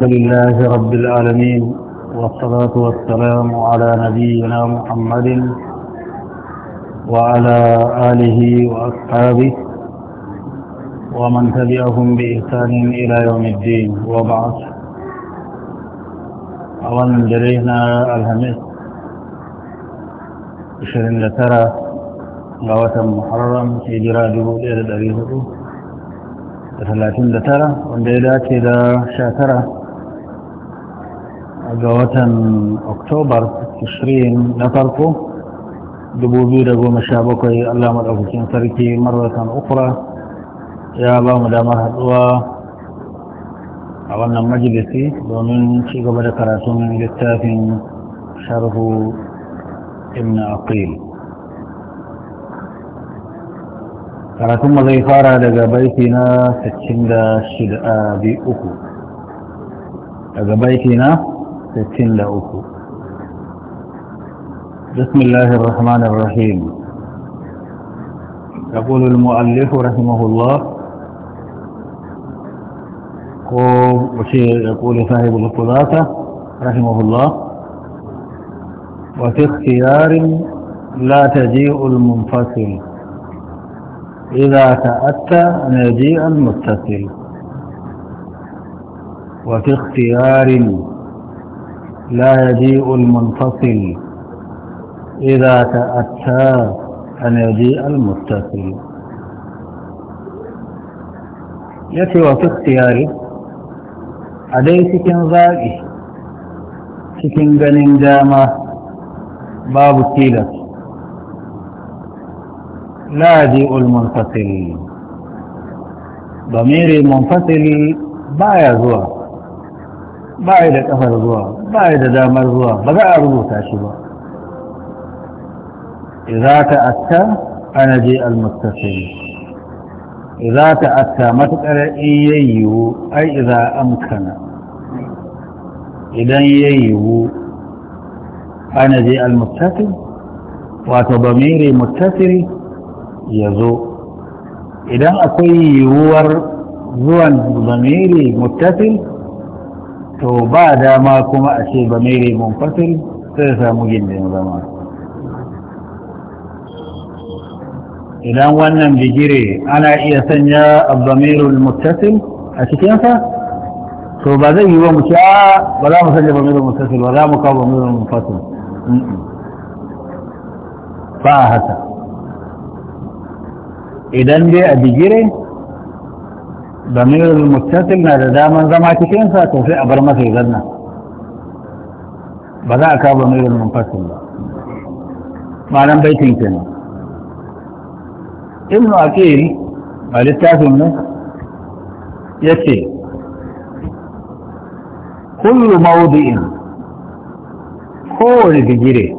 لله رب العالمين والصلاة والسلام على نبينا محمد وعلى آله وأصحابه ومن تبعهم بإحسان إلى يوم الدين وبعد أولا جرينا الهمس شرين لترى غوة محرم في جراجه إلى الأريض ثلاثين لترى ya dace شاترة ga watan oktobar 20 na farko 2017 allah maɗaukakin sarki marwatan ukura ya ba mu damar haɗuwa a wannan majalisi domin ci gaba da karatun littafin sharhu ibn aqil karatun ma zai fara daga baiti na 66 daga baiti na ستين لأوكو بسم الله الرحمن الرحيم يقول المؤلف رحمه الله يقول صاحب القضاة رحمه الله وفي اختيار لا تجيء المنفصل إذا تأتى أن المتصل وفي اختيار لا يجيء المنفصل إذا تأتى أن يجيء المتصل yake wato tsiyari a dai cikin zaɓi cikin ganin dama babu tilas laji ulmunfasili domin rimunfasili ba ya zuwa ba yi da kafar zuwa ba yi da damar zuwa ba za a rubuta shi ba idza ta'atta ana ji al-muttasil idza ta'atta matakar iyayyu ai idza amkana idan yayyu ana ji al-muttasil wato bamiri ya zo. idan akwai yiwuwar zuwan bamiri muttasil to ba dama kuma a ce ba mai mun fatil sai samu gindin zama idan wannan bigire ana iya sanya abdamirul muttasil a cikinsa to ba zai yi wa mu sha ba za mu sanya bamirul muttasil ba za mu kawo bamirul muttasil ba haka idan dai a bigire damirul muttasil na da daman zama cikinsa sa to sai a bar masa ya zanna ba za a kawo damirul munfasil ba ma'anan baitin kenan ibnu aqil a littafin ne yace kullu mawdi'in kowane bigire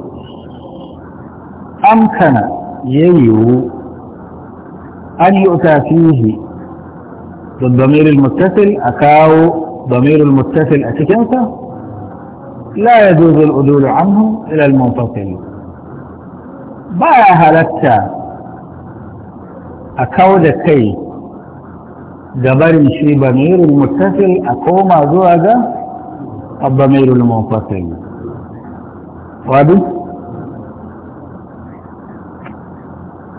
amkana ya yiwu an yi fihi والضمير المتصل أكاو ضمير المتصل أتكنسة لا يجوز الأدول عنه إلى المنفصل بايا هلتا أكاو دكي دبر شي ضمير المتصل أقوم زوجة الضمير المنفصل واضح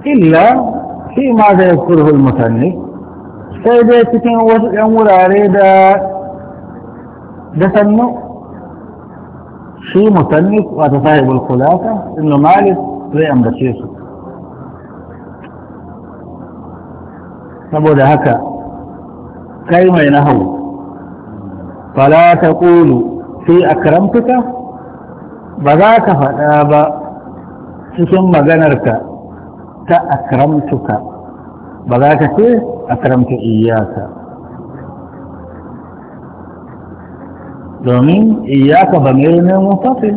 إلا فيما يذكره المثني sai dai cikin wasu ɗan wurare da da sannu shi musannif wata sahibul kulasa ibn malik zai ambace su saboda haka kai mai na nahau fala ta ƙulu fi akramtuka ba za ka faɗa ba cikin maganarka ta akramtuka ba za ka ce a karamta iyaka domin iyaka ba mai ne mutafi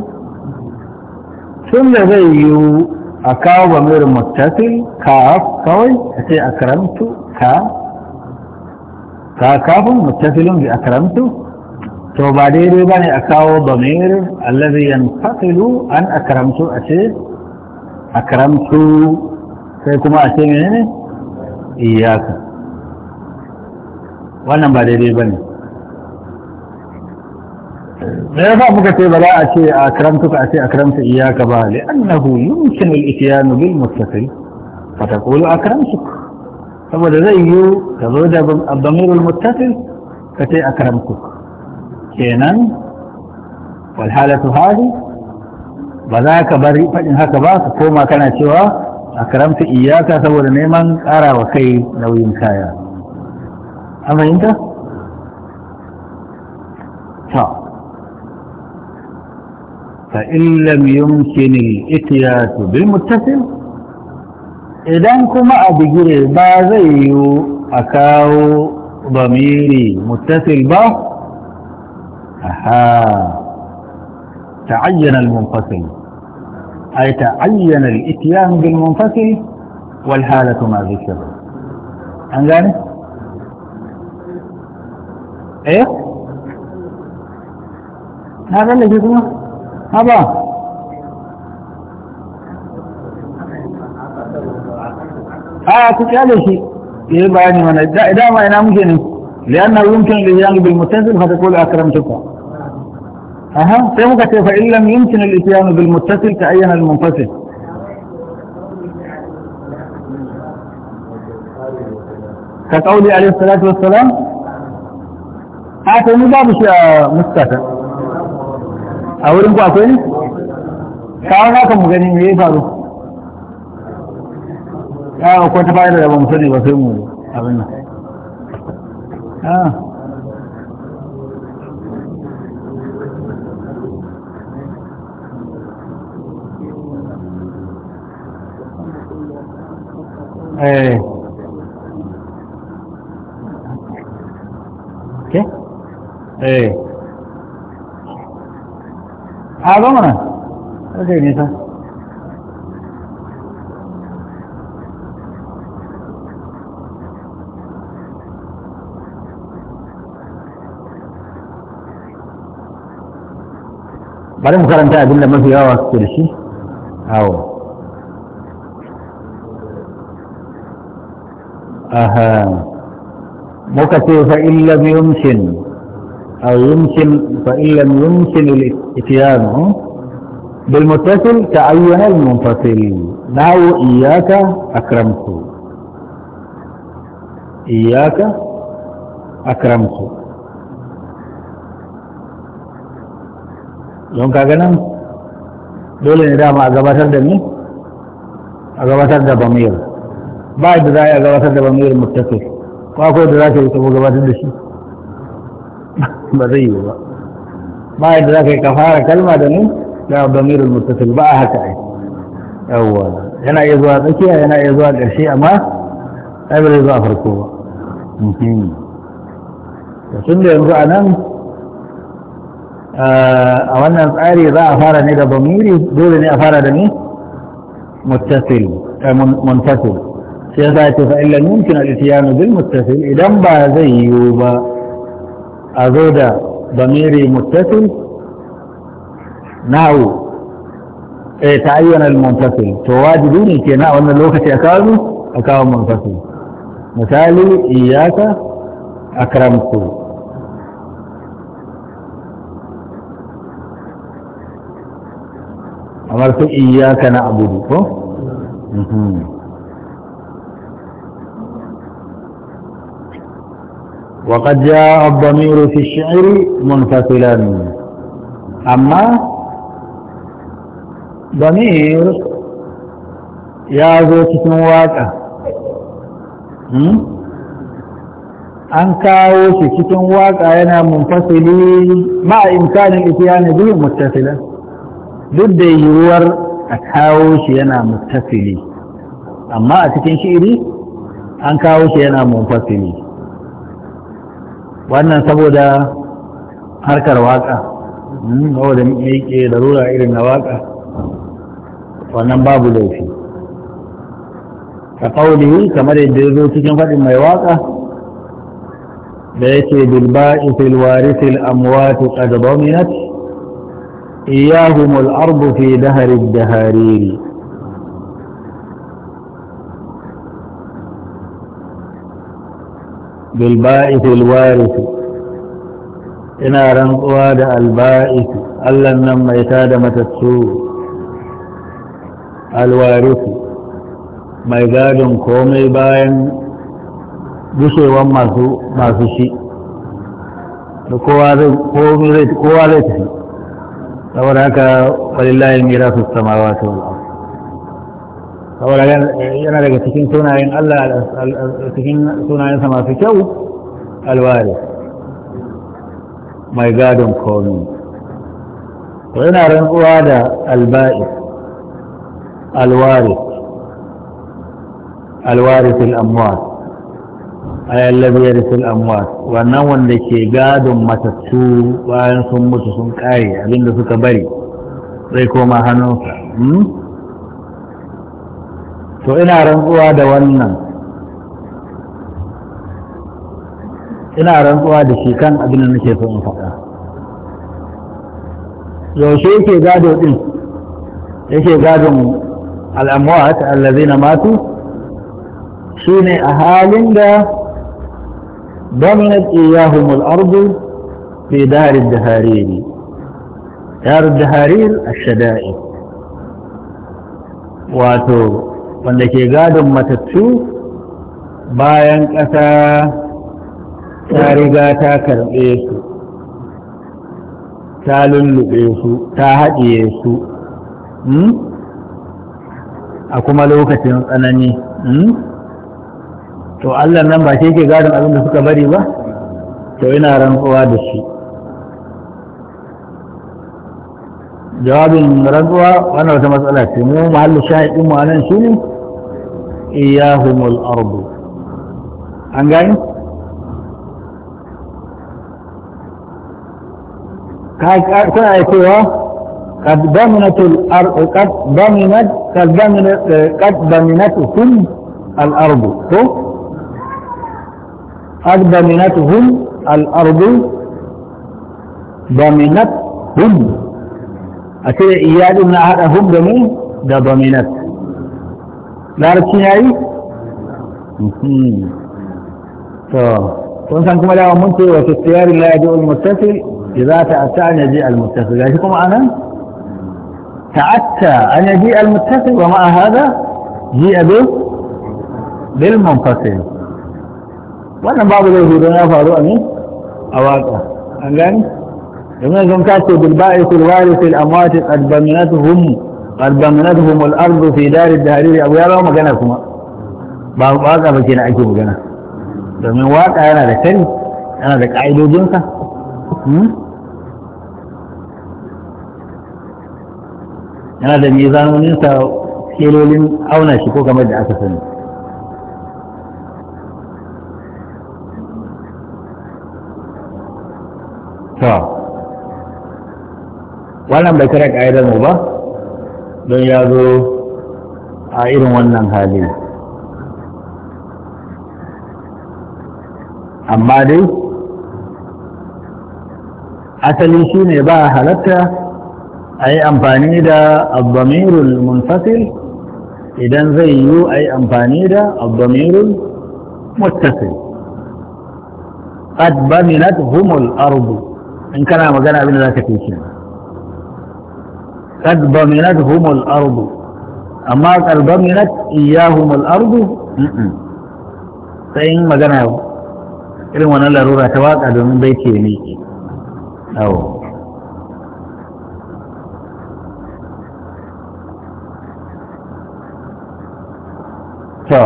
tun da zai yi a kawo ba mai mutafi ka kawai a ce a karamtu ka ka kafin mutafilin bi a karamtu to ba daidai ba ne a kawo ba mai allazi fasilu an a karamtu a ce a karamtu sai kuma a ce menene iyaka wannan ba daidai ba ne me yasa muka ce ba za a ce a karamtuka a ce a karamta iyaka ba li'annahu yumkin al-ityanu bil muttasil fa taqulu akramtuk saboda zai yi ka zo da abdamirul muttasil ka ce a akramtuk kenan wal halatu hadi ba za ka bari fadin haka ba ka koma kana cewa akramta iyaka saboda neman ƙara wa kai nauyin kaya an fahimta? ta fa illam yumkini al-ityatu bil muttasil idan kuma a bigire ba zai yiwu a kawo ba? Aha ta أها تعين المنفصل أي تعين الإتيان بالمنفصل والحالة ما ذكر عن ذلك إيه هذا اللي جزمه هذا آه تتعلي شيء يبقى يعني من الدائما ينام جنه لأنه يمكن الإتيان بالمتنزل فتقول أكرمتك اها فهمك فإن لم يمكن الاتيان بالمتصل تعين المنفصل كتقولي عليه الصلاة والسلام اعطيني بابش يا مستفى اقول انكو اعطيني كاوناكم مغنين ايه فارو اه وكنت فائلة يا ابو مسلم يبصرموا لي اه eh ke eh a goma nan ɗauke nisa bari mu karanta abinda mafi yawa suke da shi awo aha muka ce fa illam yumkin aw yumkin fa illam yumkin al-ityan bil muttasil ta'ayyun al-munfasil naw iyyaka akramtu iyyaka akramtu don kaga nan dole ne dama a gabatar da ni a gabatar da bamiyar ba da za a gabatar da bamir muttasil ko akwai da za ka yi kabo gabatar da shi ba zai yi ba ba da za ka yi kafara kalma da ni, da bamir muttasil ba a haka ai yawwa yana iya zuwa tsakiya yana iya zuwa ƙarshe amma ai ba zai zuwa farko ba mhm. tun da yanzu a nan eh, a wannan tsari za a fara ne da bamiri dole ne a fara da ni muttasil eh, muntasil سيسا تفا إلا ممكن الاتيان بالمتصل إذا با زيوب أزود ضميري متصل ناو إيه، تعين المنتصل تواجدون إنك ناو أن اللوكة أكاوم أكاوم منتصل مثالي إياك أكرمك أمرت إياك نعبد فهو وقد جاء الضمير في الشعر منفصلا أما ضمير يا ذو تتنواك an kawo shi cikin waka yana munfasili ma a imkanin itiyani biyu mutasila duk da yiwuwar a kawo shi yana mutasili amma a cikin shi'iri an kawo shi yana munfasili wannan saboda harkar waka hmm, saboda miƙe da rura irin na waka wannan babu laifi ka kauli kamar yadda ya zo cikin faɗin mai waka da yake bilba'i fil warisil amwati qad dominat iyahumul da fi dahari dahariri بالبائث الوارث ina rantsuwa da alba'is allan nan mai tada matattu alwarisu mai gadin komai bayan gushewan masu shi da kowa zai tafi saboda haka walillahi mira su samawa ta wal'awa saboda yana daga cikin sunayen Allah cikin sunayensa masu kyau alwari mai gadon komi to yana rantsuwa da alba'i alwari alwari fil amwat ayallabi ya fil amwat wannan wanda ke gadon matattu bayan sun mutu sun kare abinda suka bari zai koma hannunsa hmm? to ina rantsuwa da wannan ina rantsuwa da shi kan abin da nake so in faɗa yaushe yake gado din yake gadon al'amwat allazina matu shine a halin da dominat iyahumul ardu fi darin da hariri darin da harir a shada'i wato wanda ke gadon matattu bayan ƙasa ta riga ta karɓe su ta lullube su ta haɗiye su hmm? a kuma lokacin tsanani hmm? to Allah nan ba shi ke gadon abin da suka bari ba to ina rantsuwa da shi jawabin rantsuwa wannan wata matsala ce mu mahallin shahidin mu anan shine iyahumul ardu an gani kuna ya cewa قد ضمنت الأرض قد ضمنت قد ضمنت قد ضمنتهم الأرض قد ضمنتهم الأرض ضمنتهم a ce iyalin na haɗa hum da mu da dominat larabci ya yi? to kun san kuma dawa mun ce wa tattiyari la ya ji ulmuttafi idza ta'atta an yaji almuttafi gashi kuma anan ta'atta an yaji almuttafi wa ma'a hada ji abu bil munfasil wannan babu zai hudu ya faru a ne a waka an gani domin sun kace bil ba'isul warisil amwati qad baminatuhum qad baminatuhum al ardu fi dar al tahrir abu ya ba magana kuma ba waka ba kenan ake magana domin waka yana da sani yana da ka'idojinsa yana da mizanoninsa kelolin auna shi ko kamar da aka sani wannan bai kare ƙa'idar mu ba don ya zo a irin wannan hali amma dai asali shi ne ba halatta a yi amfani da abdamirul munfasil idan zai yiwu a yi amfani da abdamirul muttasil qad baminat humul ardu in kana magana abin da ka fi kenan قد ضمنتهم الأرض أما قد ضمنت إياهم الأرض فإن ما قناه إذن وانا لرورة تواقع دون بيتي وميكي أو to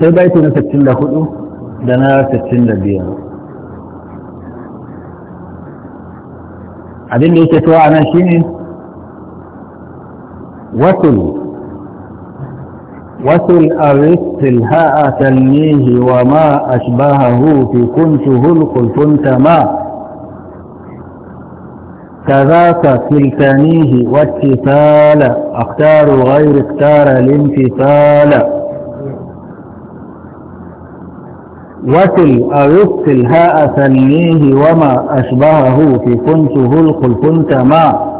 sai baiti na 64 da na 65 abinda yake to a nan shine wasul وصل أرث الهاء تنيه وما أشبهه في كنت هلق كنت ما كذاك كلتنيه واتفال اختار غير اختار الانتفال وتل أرثل هاء ثنيه وما أشبهه في كنت هلق كنت ما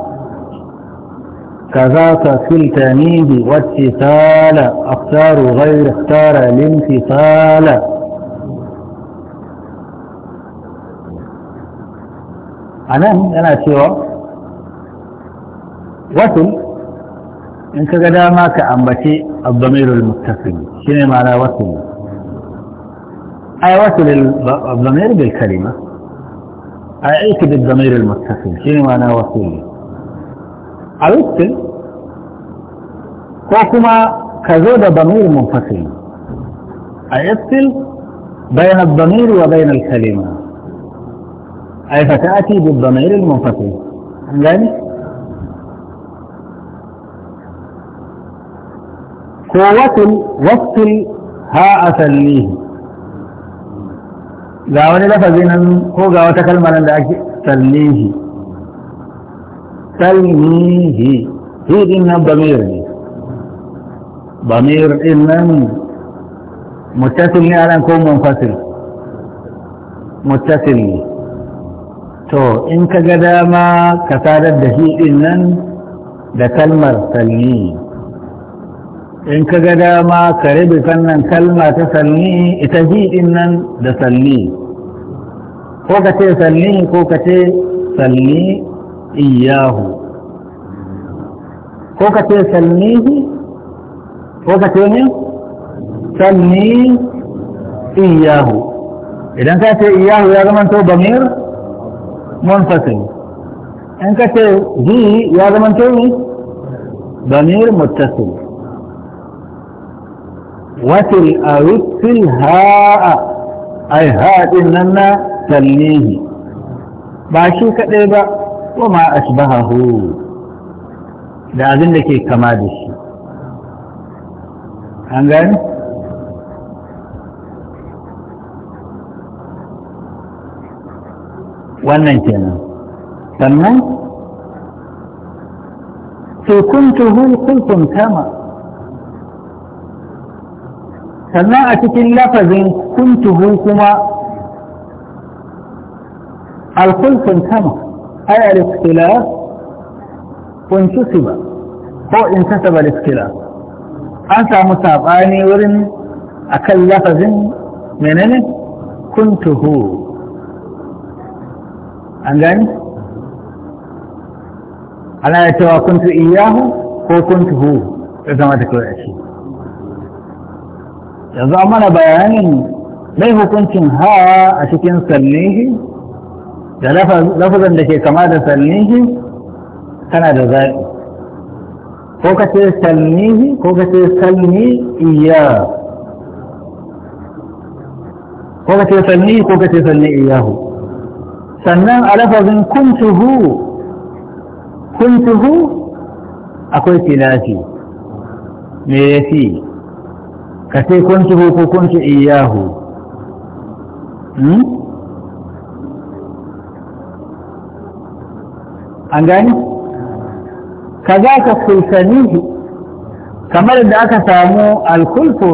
كذاك في التانيه واتصال أختار غير اختار الانفصال أنا أنا أتوى وتل إنك قدامك بشيء الضمير المتفق شنو معنى وتل؟ أي وصل الضمير بالكلمة أي بالضمير المتصل شنو أنا وصل الوصل كوكما كذوب ضمير منفصل أي أتصل بين الضمير وبين الكلمة أي فتأتي بالضمير المنفصل يعني كوكما وصل هاء فليه ga wani lafazi nan ko ga wata kalmar da ake tallihi tallihi hi din nan bamir ne bamir din nan mutasil ne anan ko munfasil mutasil ne to in ka ga dama ka sadar da hi din nan da kalmar tallihi in ka ga dama ka rabe sannan kalma ta salli ita hi din nan da salli ko ka ce salli ko ka ce salli iyahu ko ka ce sallihi ko ka ce ne salli iyahu idan ka ce iyahu ya zama to damir munfasil in ka ce ji ya zama to ne damir muttasil wasil a rufil ha'a ai haɗin nan na yusallihi ba shi kaɗai ba wa ma asbahahu da ke kama da shi wannan kenan sannan sai kuntuhu kuntum kama sannan a cikin lafazin kuntuhu kuma الخلف انتمى أي الاختلاف وانتسب هو انتسب الاختلاف أنت مصاباني ورن أكل لفظ منين كنت هو أنجاني أنا يتوى كنت إياه هو كنت هو إذا ما تكوي أشي يضع منا بيانين mai hukuncin ha a cikin sallihi da lafazan da ke kama da salmihi kana da zaɓi ko ka ce sannihi ko ka ce salmi iya ko ka ce salmi ko ka ce iya iyahu sannan a lafazin kuntuhu kuntuhu akwai filafi me ya fi ka ce kuntuhu ko kuntu iyahu hmm? an gani ka za ka kulsanihi kamar da aka samu alkulfu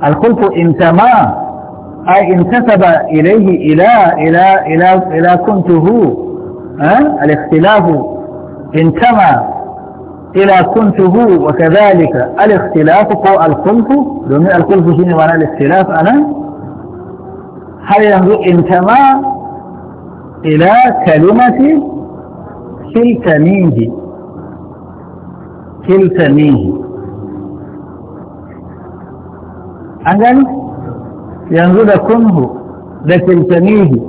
alkulfu intama ay intasaba ilayhi ila ila ila ila kuntuhu الاختلاف انتمى إلى كنته وكذلك الاختلاف هو الخلف دون الخلف شنو معنى الاختلاف أنا هل ينظر انتمى إلى كلمة kilta minhi kilta minhi yanzu da kunhu da kilta minhi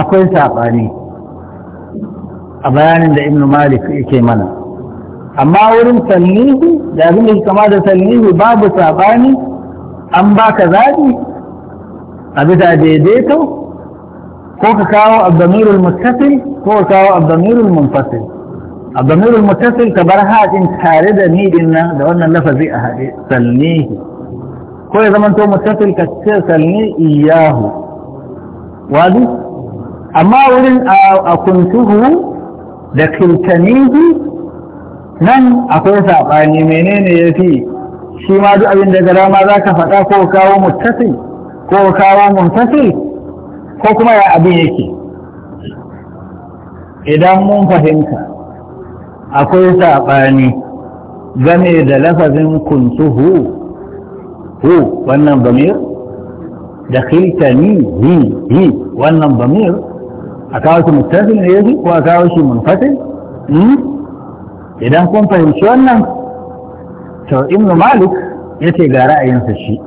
akwai saɓani a bayanin da ibn malik yake mana amma wurin sallihu da da kama da sallihu babu saɓani an baka zaɓi a bisa daidaito ko ka kawo abdamirul muttasil ko ka kawo abdamirul munfasil abdamirul muttasil ka bar haɗin tare da ni din nan da wannan lafazi a haɗe Salmihi. ko ya zama to muttasil ka ce salni iyahu wadi amma wurin a kuntuhu da kiltanihi nan akwai saɓani menene ya fi shi ma duk abin da gara ma za ka faɗa ko kawo muttasil ko kawo munfasil ko kuma ya abin yake idan mun fahimta akwai saɓani game da lafazin kuntu hu hu wannan bamir da ni, hi hi wannan bamir a kawo shi mutafin ne yake ko a kawo shi munfatin hmm? idan kun fahimci wannan to ibnu malik yace ga ra'ayinsa shi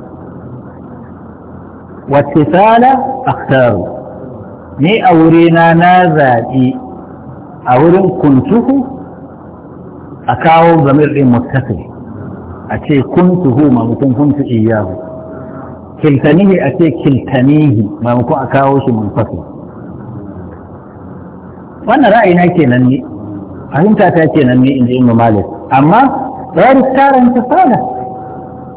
watisala akhtaru ni a wurina na zaɓi a wurin kuntuhu a kawo zamir ɗin mutasir a ce kuntuhu mamakon kuntu iyahu kiltanihi a ce kiltanihi mamakon a kawo shi munfasir wannan ra'ayina kenan ne fahimta ta kenan ne in ji malik amma tsawar tarin ta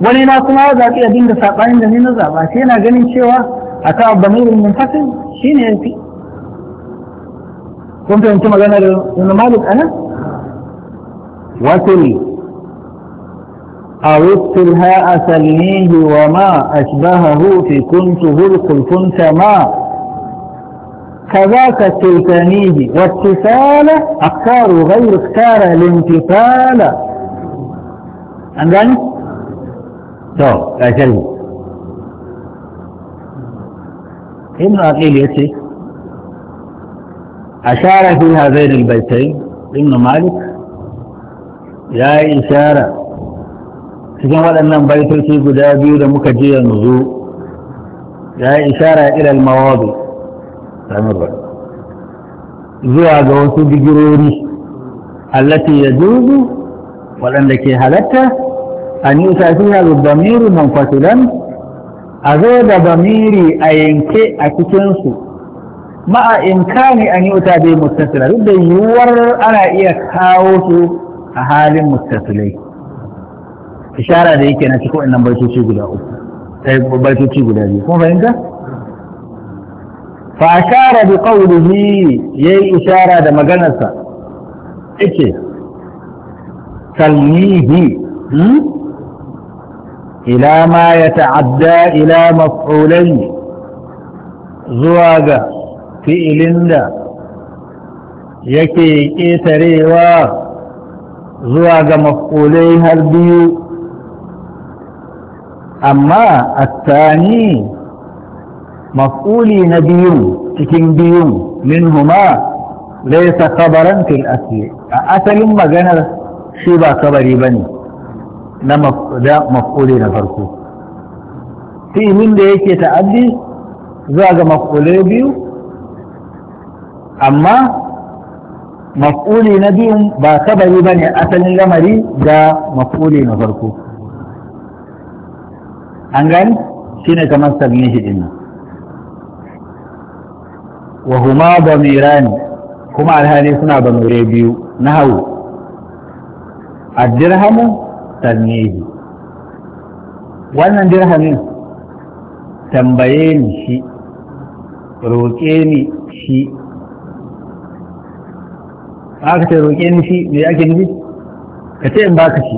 wani na kuma ya zaɓi a dinga saɓanin da ni na zaɓa sai yana ganin cewa a ta abdamirin munfasin shi ne ya fi kun fahimci magana da wani malik a nan wasili أو اتلها أسلميه وما أشبهه في كنته الكلفنت ما كذاك التلتانيه واتصال أختار غير اختار الامتثال أنجاني؟ to ƙarshen ibn aqil ya ce a shara fi hazain albaitai ibn malik ya yi ishara cikin waɗannan baitoci guda biyu da muka ji yanzu ya yi ishara ilal mawadu zuwa ga wasu digirori allati ya waɗanda ke halatta an yi ta fiha bamiri munfasilan a zo da bamiri a yanke a cikinsu ma'a imkani an yi ta bai mustasila duk da yiwuwar ana iya kawo su a halin mustasilai ishara da yake na cikin wannan baitoci guda uku sai baitoci guda biyu kuma fahimta fa ashara bi qawlihi yayi ishara da maganarsa yace salmihi hmm? ila ma ya ta'adda ila maf'ulai zuwa ga fi'ilin da yake ƙetarewa zuwa ga maf'ulai har biyu amma attani mafƙuli na biyun cikin biyun minhuma huma laisa kabaran a asalin maganar shi ba kabari bane na maf'uli na farko fi'ilin da yake ta'addi zuwa ga maf'ulai biyu amma maf'uli na biyun ba kabari ba ne asalin lamari ga maf'uli na farko an gani shi ne kamar sabbin shi dinnan wa huma damirani kuma alhali suna ba biyu na hau addirhamu fastannihi wannan dirhamin tambaye ni shi roƙe ni shi aka ce roƙe ni shi me ake nufi ka ce in baka shi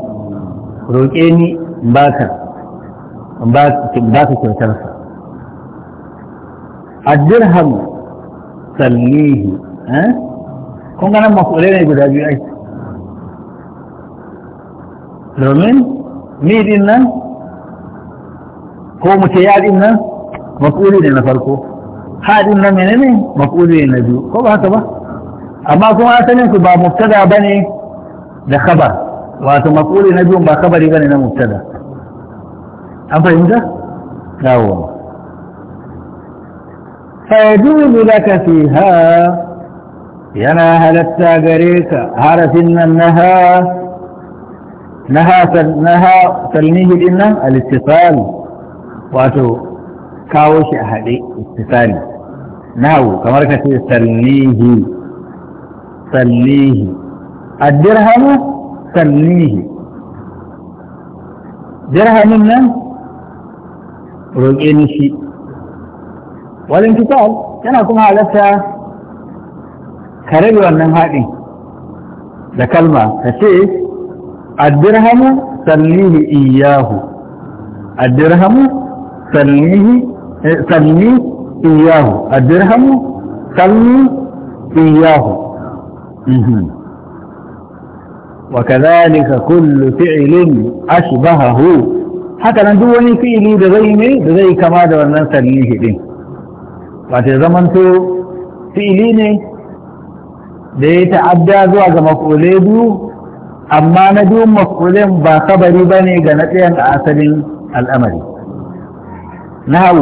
roƙe ni in baka in baka kyautarsa addirham sallihi kun ganin masu ne guda biyu aiki domin ni din nan ko mu ce ya din nan mafuli ne na farko ha din nan menene mafuli ne na biyu ko ba haka ba amma kuma asalin su ba mubtada bane da khabar wato mafuli na biyu ba khabari bane na mubtada an fahimta dawo فيجوز لك فيها yana halatta gare ka harafin nan na ha naha naha salmihi din al-ittisal wato kawo shi a haɗe ittisali nahu kamar ka ce salmihi salmihi ad salmihi dirhamin nan roƙe ni shi walin kitab yana kuma halatta ka rabe wannan haɗin da kalma ka ce الدرهم سليه إياه الدرهم سليه سليه إياه الدرهم سليه إياه وكذلك كل فعل أشبهه haka nan duk wani fi'ili da zai ne da zai kama da wannan salihi din wato zamanto fi'ili ne da ya ta'adda zuwa ga maf'ule biyu amma na biyun mafulin ba kabari ba ne ga na tsayan a asalin al'amari na hau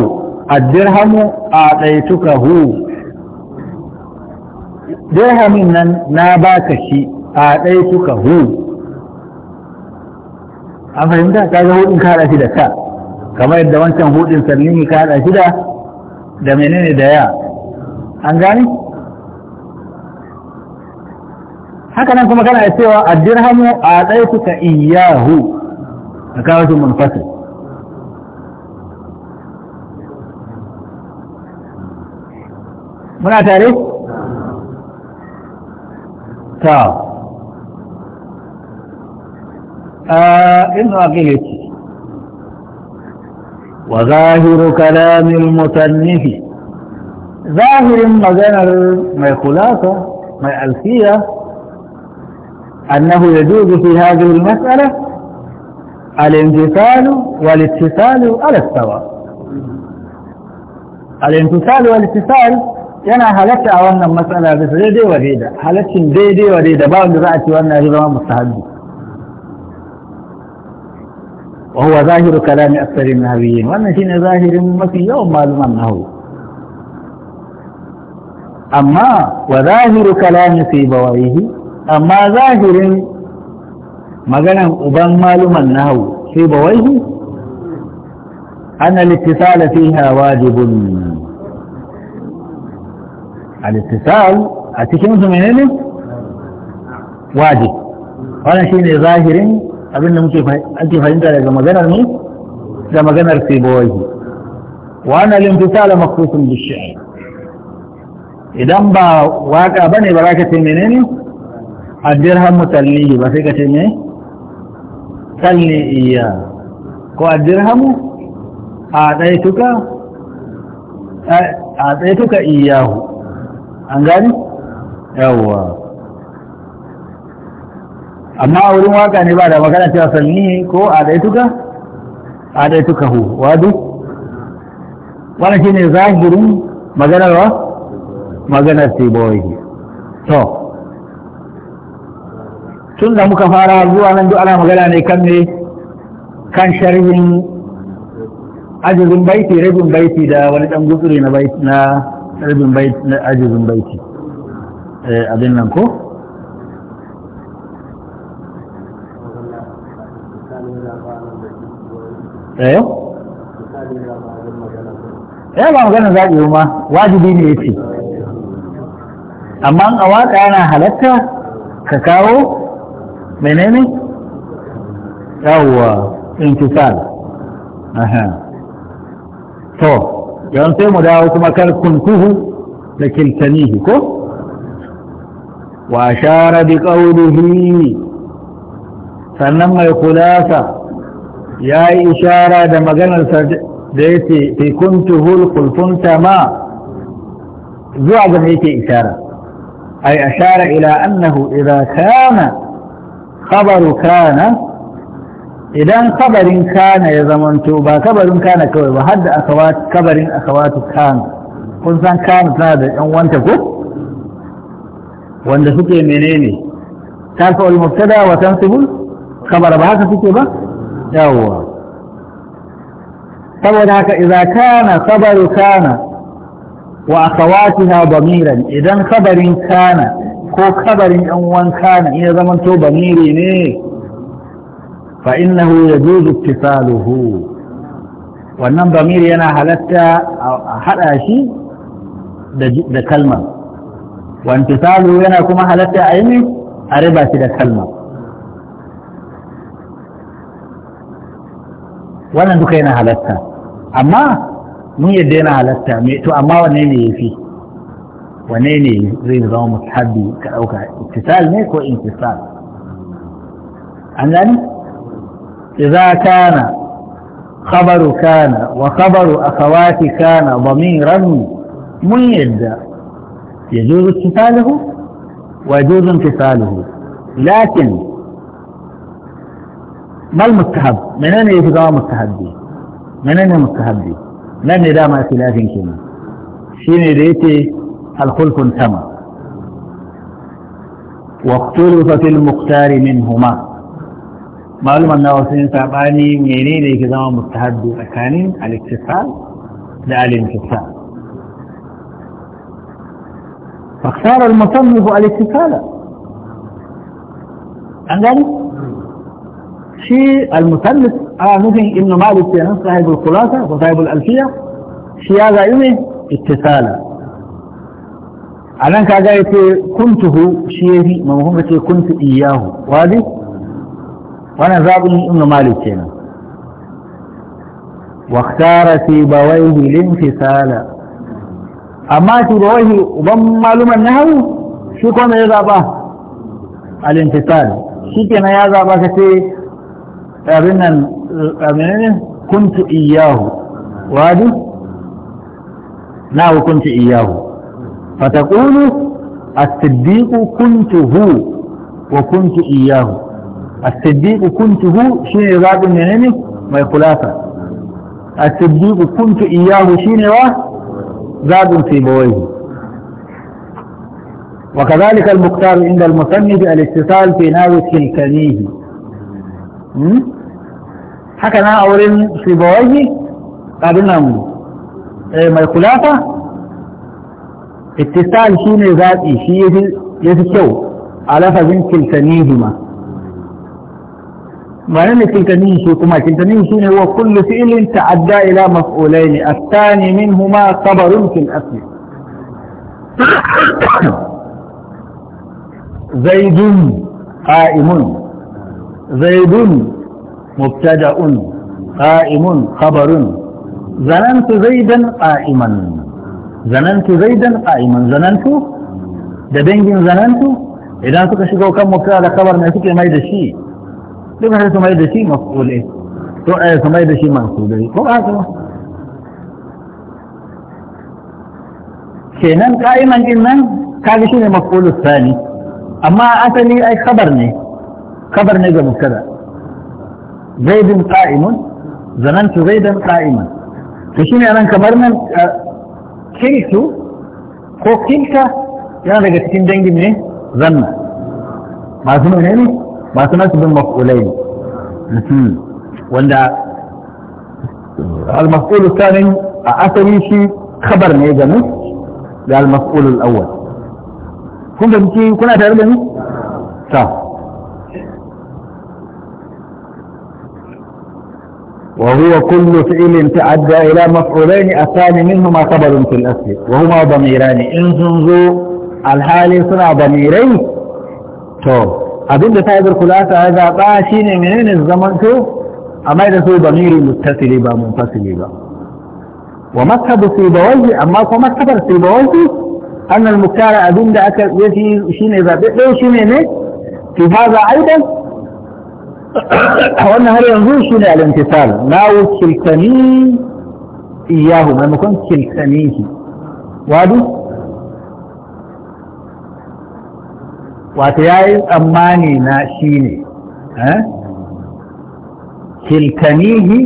addirhamu a ɗaituka hu dirhamin nan na baka shi a ɗaituka hu an fahimta ka ga hudin kada shi da ka kamar yadda wancan hudin ka kada shi da da menene da ya an gani haka nan kuma kana cewa a dirhamu a ɗaiku ka iyahu a kawo shi munfasir muna tare? ta a ابن wa zahiru كلام المتنف zahirin maganar mai خلاصة mai alfiya أنه يجوز في هذه المسألة الانتصال والاتصال على السواء الانتصال والاتصال أنا هلتش أولنا المسألة بسجدي وديدة هلتش ديدي وديدة باب بذاتي وانا هذا مستهد وهو ظاهر كلام أكثر النهبيين وانا شين ظاهر المسي يوم ما أظن أنه أما وظاهر كلام في بوائه amma zahirin maganan uban maluman nahu sai ba waihu ana littisala fiha wajibun a littisal a cikin su menene wajib shi shine zahirin abinda da muke fahimta daga maganar mu da maganar siboyi wa ana littisala makusun bishiyar idan ba waka bane ba za ka ce menene a mutallihi ba sai ka ce ne talli iya ko a dirhamu a ɗaituka tuka iyahu an gani yawwa amma a wurin waka ne ba da magana cewa sannihi ko a tuka a ɗaituka hu wadu wani shi ne zahirin maganarwa maganar tiboyi to so, tun da muka fara zuwa nan duk ana magana ne kan ne kan sharhin ajizin baiti rabin baiti da wani dan gutsuri na baiti na rabin baiti na ajizin baiti eh, abin nan ko eh ya eh, ba magana zaɓi ma wajibi ne ya ce amma a waka yana halatta ka kawo منين؟ هنا او انتفال اها تو يوان تيمو داو كما كان كنكوه لكلتنيه كو واشار بقوله فنما يقلاك يا إشارة دمغانا ديتي في كنته القل كنت ما ذو عظم إشارة أي أشار إلى أنه إذا كان خبر كان إذن خبر كان يزمن توبا خبر كان كوي وحد أخوات خبر أخوات كان خلصان كانت هذا أن وانت فوق وانت فوق منيني ترفع المبتدى وتنصب خبر بهذا فوق با يوا طب هناك إذا كان خبر كان وأخواتها ضميرا إذن خبر كان ko kabarin yan wanka na iya zaman to bamiri ne fa innahu yajuzu ittisaluhu wannan bamiri yana halatta a haɗa shi da kalma wantisalu yana kuma halatta a yi a riba shi da kalma wannan duka yana halatta amma mun yadda yana halatta to amma wanne ne ya fi wane ne zai zama mustahabi ka dauka ittisal ne ko intisal an gani idza kana khabaru kana wa khabaru akhawati kana damiran mun yadda yajuzu ittisaluhu wa yajuzu intisaluhu lakin ما المستحب من أين يتقوى مستحبي من أين مستحبي من دام خلاف shine da yake الخلق التم واختلف في المختار منهما معلوم أنه سنين سابعني منين ليك زمان مستهد أكان الاكتسال لا الانكسال فاختار المصنف الاكتسال عن ذلك شيء المثلث اه ممكن ابن مالك صاحب الخلاصة وصاحب الألفية شيء هذا يمه اتصالا a nan kaga ya ce kuntuhu shi ya fi mamakon ka ce kuntu iyahu wadi wannan zaɓin ibn malik kenan waktara fi bawaihi linfisala amma fi bawaihi ban maluman nahawu shi kuma ya zaɓa al-infisal shi kenan ya zaɓa ka ce abin nan kuntu iyahu wadi na hukunta iyahu فتقول الصديق كنت هو وكنت إياه الصديق كنت هو شيء ذات منين ما الصديق كنت إياه شيء زاد في بويه وكذلك المختار عند المصنف الاتصال في ناوي تلكنيه حكنا أورين في بويه قابلنا إيه ما الخلافة اتصال شو نزاتي شو يجي شو على فزين كلتنين هما وانا كلتنين شو كما كلتنين شو هو كل فئل تعدى الى مفعولين الثاني منهما صبر في الاسم زيد قائم زيد مبتدأ قائم خبر ظننت زيدا قائما zanantu zaidan qa'iman zanantu da dangin zanantu idan suka shigo kan mubtada da khabar mai suke mai da shi duk sai su mai da shi maf'ulai to ai eh, su mai da shi mansubai ko ba haka kenan qa'iman din nan kaga shine maf'ulus thani amma asali ai kabar ne kabar ne ga mubtada zaidun qa'imun zanantu zaidan qa'iman to shine nan kamar nan eh, Kinsu ko kinta yana daga cikin dangin ne zanna masu mene ne masu bin maf'ulai ne hmm. wanda al-maf'ul sanin a asali shi kabar ne ga nus da al-maf'ul al-awwal kun fahimci kuna tare da ni ta وهو كل فعل تعدى إلى مفعولين الثاني منهما خبر في الأصل وهما ضميران إن تنظوا الحالي صنع ضميرين تو أبدا تايد الخلاصة هذا قاشين منين الزمن تو أما إذا سوى ضمير متصل با منفصل با ومكتب سيبويه أما هو مكتب سيبويه أن المكتار أبدا أكل يشين إذا بيقلوا شين في هذا أيضا wannan har yanzu shi ne al'intisal na kiltani iyahu maimakon kiltani shi wadu wata ya yi tsammani na shi ne eh? kiltanihi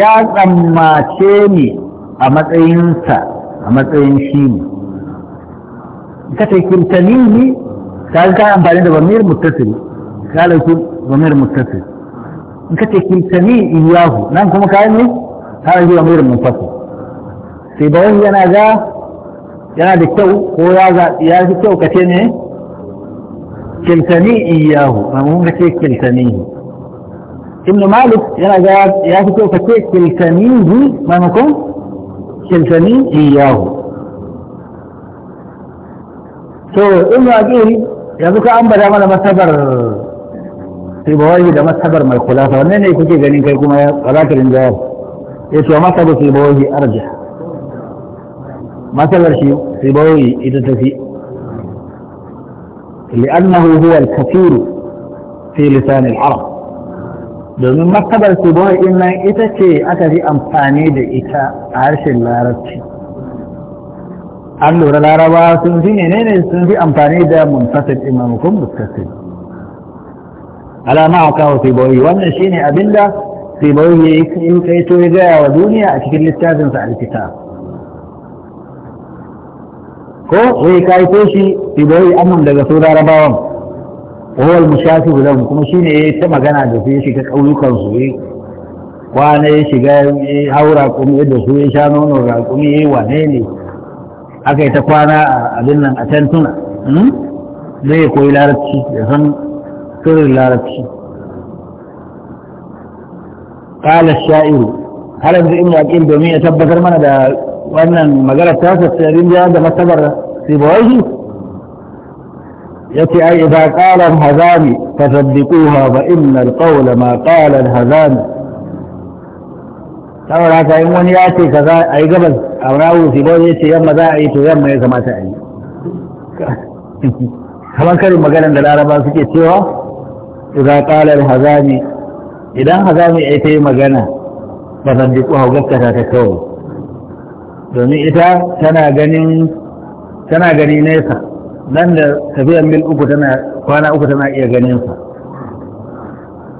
ya tsammace ni a matsayinsa a matsayin shi ne ka ce kiltanihi ta ka amfani da bamir mutasiri قال يكون ضمير متصل ان كنت تلتمين اياه نعم كما قال هذا هو ضمير منفصل في بوه ينا ذا ينا دكتو هو يا ذا يا دكتو كتيني تلتمين اياه نعم هم كتي تلتمين ابن مالك ينا ذا يا دكتو كتي تلتمين ذي ما نكون تلتمين اياه تو ابن عقيري يا ذكا انبر يا مالا مسافر sibawayi da masabar mai kulasa wanne ne kuke ganin kai kuma ya tsarata rinjayar ya ce masabar sibawayi arja masabar shi sibawayi ita tafi li'annahu huwa al-kafiru fi lisan al-arab domin masabar sibawayi din nan ita ce aka fi amfani da ita a harshen larabci an lura laraba sun fi menene sun fi amfani da munfasil imamukum mustasir alama a kawo sibawi wannan shine abinda sibawi ya kai to ya gaya wa duniya a cikin littafinsa alkitab ko ya yi kaito shi sibawi amma daga su bawan wawal mushafi gudan kuma shine ya ta magana da su ya shiga ƙauyukan su ya kwana ya shiga ya haura kuma da su ya sha nono kuma ya yi wane ne aka yi ta kwana a abin nan a tentuna hmm? zai koyi larabci ya san كل الله قال الشائر هل انت انه اقيم بمئة بكر من هذا وانا مقالة تاسة السائرين دي هذا مستبر في بوجه يتي اي اذا قال الهذان فصدقوها فان القول ما قال الهذان قالوا لا تأمون ياتي كذا اي قبل او ناوي في بوجه يتي يما ذاعي تو يما يسمى تأي كمان كلمة قال عند العربان فكي سيوها idan qala hazami idan hazami ai tayi magana ba zan duk hau gaskata ta kawai domin ita tana ganin tana gani nesa nan da tafiyan mil uku tana kwana uku tana iya ganin sa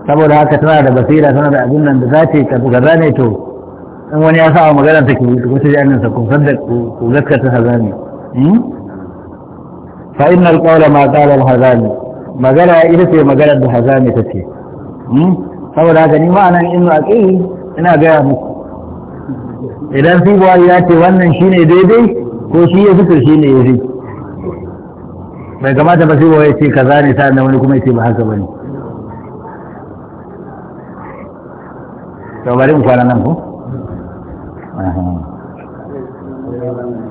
saboda haka tana da basira tana da abin nan da za ta yi kaza ne to in wani ya sa magana ta ke wata jami'in sa kun sadda ku gaskata hazami fa innal qawla ma qala al-hazami magana ita ce magana da hazami ta ce hmm? saboda haka ni ma'anan inu a ƙi ina gaya muku idan fibuwa ya ce wannan shi ne daidai ko shi ya fito shi ne ya fi bai kamata ba fibuwa ya ce ka ne sa'an da wani kuma ya ce ba haka ba ne to kwanan nan